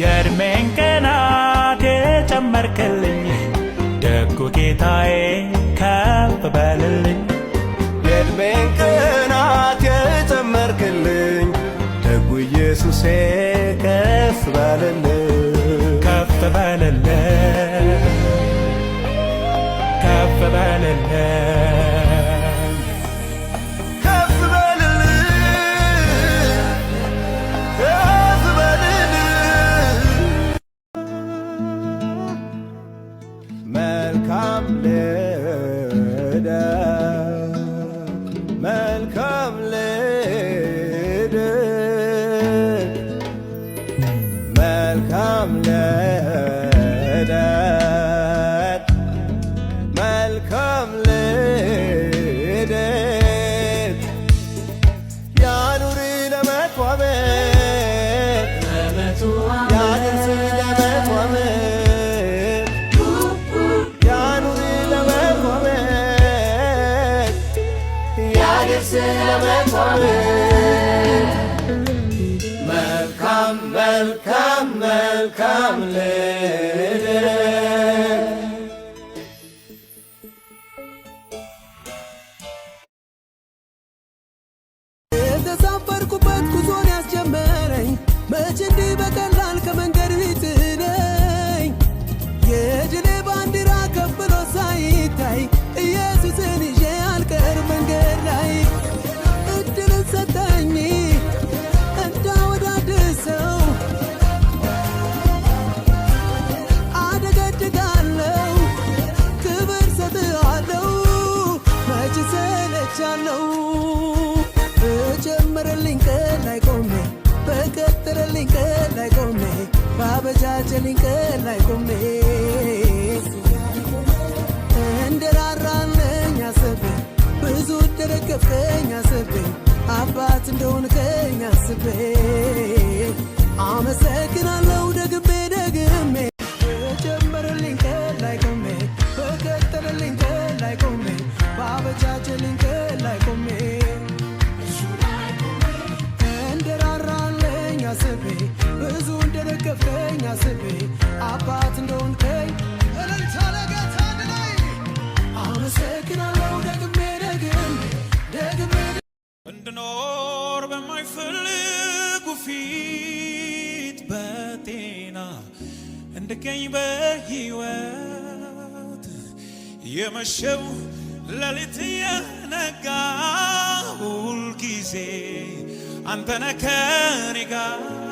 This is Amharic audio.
የእድሜን ቀናት የጨመርክልኝ ደጉ ጌታዬ ከፍ በልልኝ። የእድሜን ቀናት የጨመርክልኝ ደጉ ኢየሱሴ ከፍ በልልኝ። ልደት መልካም ልደት መልካም ልደት መልካም ልደት ስለመቆም መልካም መልካም መልካም እሻለሁ በጀመረልኝ ቀን ላይ ቆሜ በቀጠለልኝ ቀን ላይ ቆሜ ባበጃጀልኝ ቀን ላይ ቆሜ እንደራራለኝ አሰቤ ብዙ ደረገፍከኝ አሰቤ አባት እንደሆንከኝ አስቤ አመሰግ አባት እንደሆንከኝ እልልታ ለጌታ ፊት በጤና እንድገኝ በሕይወት የመሸው ሌሊት የነጋ ሁልጊዜ አንተነህ ጋር